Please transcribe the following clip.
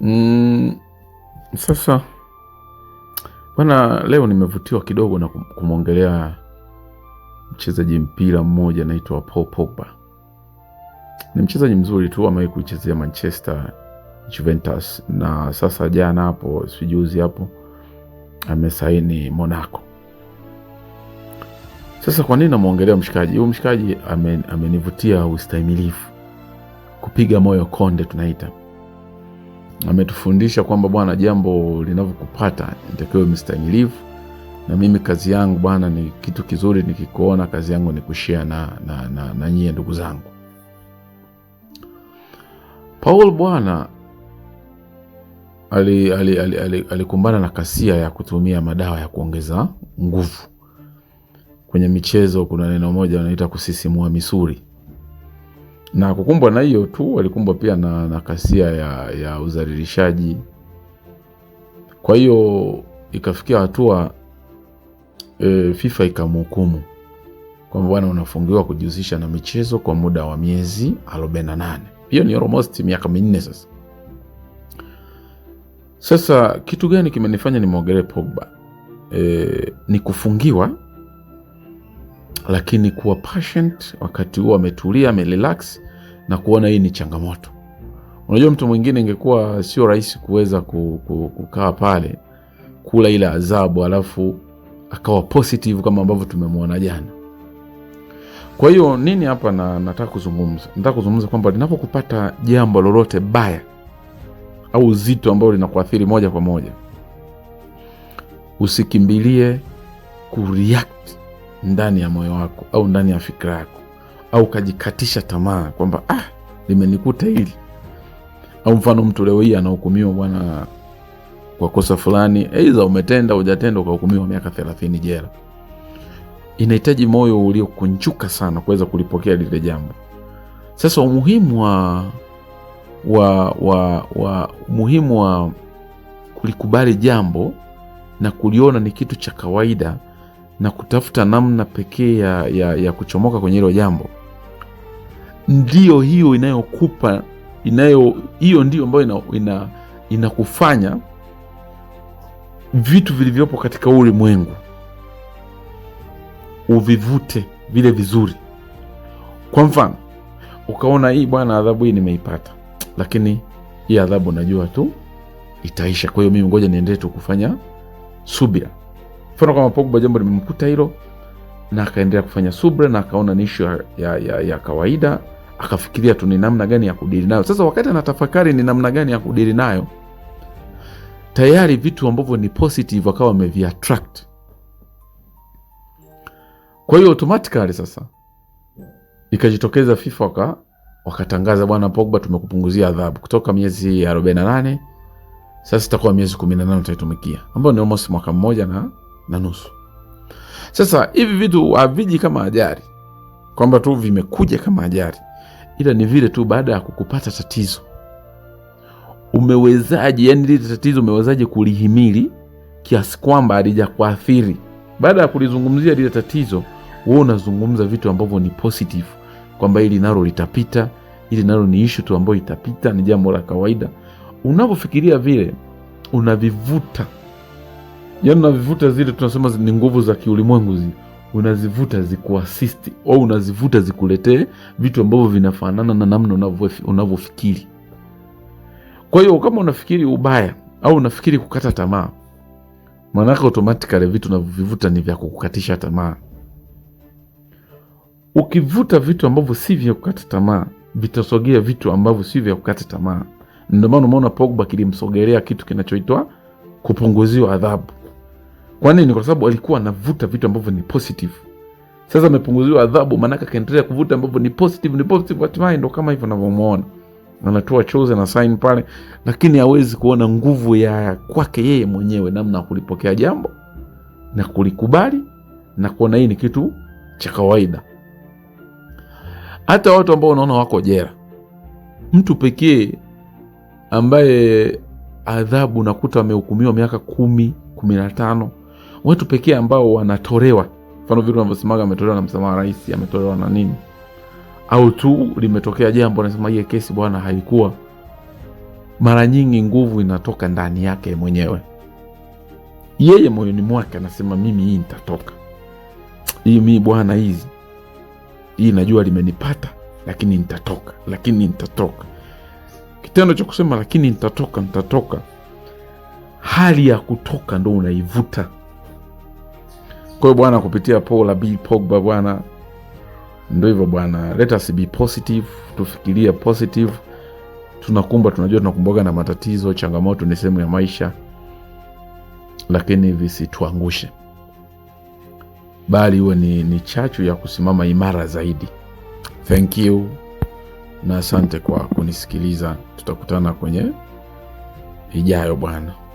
Mm, sasa bwana, leo nimevutiwa kidogo na kumwongelea mchezaji mpira mmoja anaitwa Paul Pogba. Ni mchezaji mzuri tu, amewahi kuichezea Manchester, Juventus na sasa jana hapo, sijuzi hapo, amesaini Monaco. Sasa kwa nini namwongelea mshikaji huyu? Mshikaji amenivutia, ustahimilifu ustahimilivu, kupiga moyo konde tunaita ametufundisha kwamba Bwana, jambo linavyokupata nitakiwe mstahimilivu, na mimi kazi yangu Bwana ni kitu kizuri, nikikuona kazi yangu ni kushia na, na, na, na nyie ndugu zangu. Paul Bwana alikumbana ali, ali, ali, ali na kasia ya kutumia madawa ya kuongeza nguvu. Kwenye michezo kuna neno moja wanaita kusisimua misuli na kukumbwa na hiyo tu, walikumbwa pia na, na kasia ya, ya udhalilishaji. Kwa hiyo ikafikia hatua e, FIFA ikamhukumu kwamba bwana, unafungiwa kujihusisha na michezo kwa muda wa miezi 48. Hiyo ni almost miaka minne sasa. Sasa kitu gani kimenifanya nimwogelee Pogba? E, ni kufungiwa lakini kuwa patient wakati huo ametulia, amerelax na kuona hii ni changamoto. Unajua, mtu mwingine ingekuwa sio rahisi kuweza kukaa pale kula ile adhabu, alafu akawa positive kama ambavyo tumemwona jana. Kwa hiyo nini hapa na, nataka kuzungumza nataka kuzungumza kwamba linapokupata jambo lolote baya au uzito ambao linakuathiri moja kwa moja, usikimbilie kureact ndani ya moyo wako au ndani ya fikira yako, au ukajikatisha tamaa kwamba ah, limenikuta hili. Au mfano mtu leo hii anahukumiwa bwana kwa kosa fulani, aidha umetenda hujatenda, ukahukumiwa miaka thelathini jela. Inahitaji moyo uliokunjuka sana kuweza kulipokea lile jambo. Sasa umuhimu wa wa wa wa umuhimu wa kulikubali jambo na kuliona ni kitu cha kawaida na kutafuta namna pekee ya, ya, ya kuchomoka kwenye hilo jambo, ndiyo hiyo inayokupa inayo hiyo ndiyo ambayo ina, ina, inakufanya vitu vilivyopo katika ulimwengu uvivute vile vizuri. Kwa mfano ukaona hii bwana, adhabu hii nimeipata, lakini hii adhabu najua tu itaisha, kwa hiyo mimi ngoja niendelee tu kufanya subira. Mfano kama Pogba, jambo limemkuta hilo na akaendelea kufanya subra na akaona ni issue ya, ya, ya, kawaida, akafikiria tu ni namna gani ya kudili nayo. Sasa wakati anatafakari ni namna gani ya kudili nayo, tayari vitu ambavyo ni positive akawa ameviattract. Kwa hiyo automatically sasa ikajitokeza FIFA waka, wakatangaza bwana Pogba, tumekupunguzia adhabu kutoka miezi 48 sasa itakuwa miezi 15 utaitumikia, ambayo ni almost mwaka mmoja na na nusu. Sasa hivi vitu haviji kama ajali, kwamba tu vimekuja kama ajali, ila ni vile tu baada ya kukupata tatizo umewezaje, yani lile tatizo umewezaje kulihimili kiasi kwamba halijakuathiri. Baada ya kulizungumzia lile tatizo, wewe unazungumza vitu ambavyo ni positive, kwamba hili nalo litapita, hili nalo ni ishu tu ambayo itapita, ni jambo la kawaida. Unavyofikiria vile unavivuta yani unavivuta zile, tunasema ni nguvu za kiulimwengu zi unazivuta zikuasisti au unazivuta zikuletee vitu ambavyo vinafanana na namna unavyofikiri. Kwa hiyo kama unafikiri ubaya au unafikiri kukata tamaa, maanake automatically vitu unavyovivuta ni vya kukukatisha tamaa. Ukivuta vitu ambavyo si vya kukata tamaa, vitasogea vitu ambavyo si vya kukata tamaa. Ndio maana umeona Pogba kilimsogelea kitu kinachoitwa kupunguziwa adhabu. Kwa nini? Kwa sababu alikuwa anavuta vitu ambavyo ni positive. Sasa amepunguziwa adhabu, maanake akaendelea kuvuta ambavyo ni positive, ni positive, hatimaye ndo kama hivyo unavyomuona anatoa chozi na sign pale, lakini hawezi kuona nguvu ya kwake yeye mwenyewe, namna ya kulipokea jambo na kulikubali na kuona hii ni kitu cha kawaida. Hata watu ambao unaona wako jera, mtu pekee ambaye adhabu nakuta amehukumiwa miaka kumi, kumi na tano watu pekee ambao wanatolewa, mfano vile unavyosemaga ametolewa na msamaha rais, ametolewa na nini, au tu limetokea jambo nasema hiye kesi bwana haikuwa. Mara nyingi nguvu inatoka ndani yake mwenyewe, yeye moyoni mwake anasema mimi hii nitatoka, hii mi bwana, hizi hii najua limenipata, lakini nitatoka, lakini nitatoka. Kitendo cha kusema lakini nitatoka, nitatoka, hali ya kutoka ndo unaivuta kwa hiyo bwana, kupitia Paul B Pogba bwana, ndio hivyo bwana, let us be positive, tufikirie positive. Tunakumba, tunajua tunakumbaga na matatizo, changamoto ni sehemu ya maisha, lakini visituangushe, bali huwe ni, ni chachu ya kusimama imara zaidi. Thank you na asante kwa kunisikiliza, tutakutana kwenye ijayo bwana.